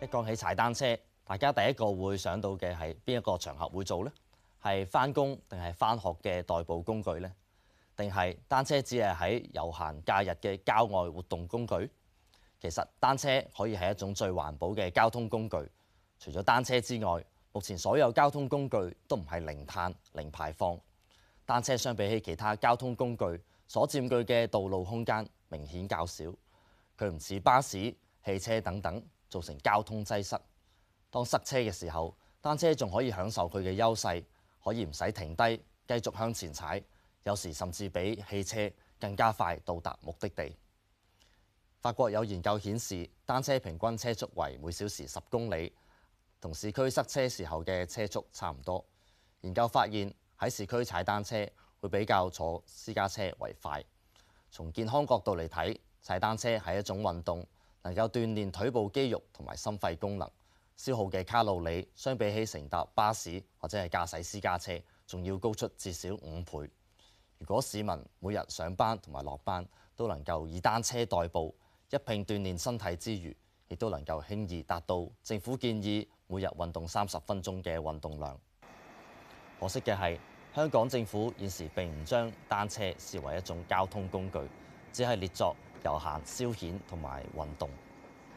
一講起踩單車，大家第一個會想到嘅係邊一個場合會做呢？係返工定係返學嘅代步工具呢？定係單車只係喺遊閒假日嘅郊外活動工具？其實單車可以係一種最環保嘅交通工具。除咗單車之外，目前所有交通工具都唔係零碳、零排放。單車相比起其他交通工具，所佔據嘅道路空間明顯較少，佢唔似巴士、汽車等等造成交通擠塞。當塞車嘅時候，單車仲可以享受佢嘅優勢，可以唔使停低，繼續向前踩，有時甚至比汽車更加快到達目的地。法國有研究顯示，單車平均車速為每小時十公里，同市區塞車時候嘅車速差唔多。研究發現，喺市區踩單車會比較坐私家車為快。從健康角度嚟睇，踩單車係一種運動，能夠鍛煉腿部肌肉同埋心肺功能，消耗嘅卡路里相比起乘搭巴士或者係駕駛私家車，仲要高出至少五倍。如果市民每日上班同埋落班都能夠以單車代步，一併鍛煉身體之餘，亦都能夠輕易達到政府建議每日運動三十分鐘嘅運動量。可惜嘅係。香港政府現時並唔將單車視為一種交通工具，只係列作遊行消遣同埋運動。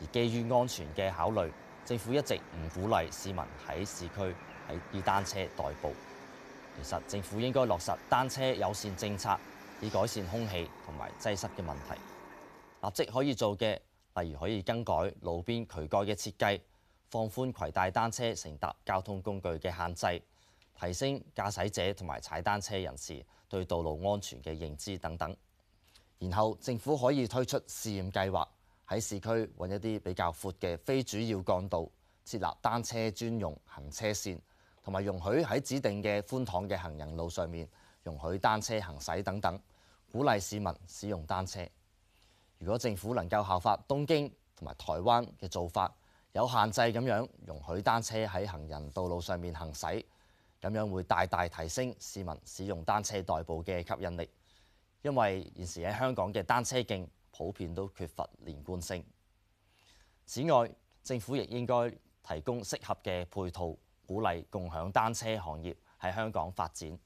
而基於安全嘅考慮，政府一直唔鼓勵市民喺市區以單車代步。其實政府應該落實單車友善政策，以改善空氣同埋擠塞嘅問題。立即可以做嘅，例如可以更改路邊渠蓋嘅設計，放寬攜帶單車乘搭交通工具嘅限制。提升駕駛者同埋踩單車人士對道路安全嘅認知等等。然後政府可以推出試驗計劃，喺市區揾一啲比較闊嘅非主要幹道，設立單車專用行車線，同埋容許喺指定嘅寬敞嘅行人路上面容許單車行駛等等，鼓勵市民使用單車。如果政府能夠效法東京同埋台灣嘅做法，有限制咁樣容許單車喺行人道路上面行駛。咁樣會大大提升市民使用單車代步嘅吸引力，因為現時喺香港嘅單車徑普遍都缺乏連貫性。此外，政府亦應該提供適合嘅配套，鼓勵共享單車行業喺香港發展。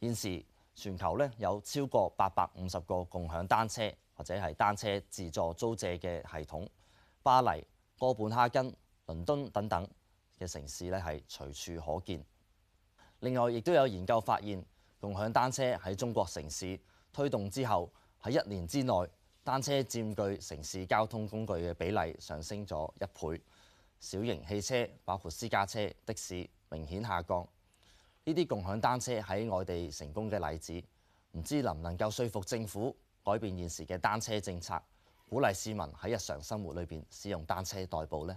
現時全球呢有超過八百五十個共享單車或者係單車自助租借嘅系統，巴黎、哥本哈根、倫敦等等嘅城市呢係隨處可見。另外，亦都有研究發現，共享單車喺中國城市推動之後，喺一年之內，單車佔據城市交通工具嘅比例上升咗一倍，小型汽車包括私家車、的士明顯下降。呢啲共享單車喺外地成功嘅例子，唔知能唔能夠説服政府改變現時嘅單車政策，鼓勵市民喺日常生活裏面使用單車代步呢？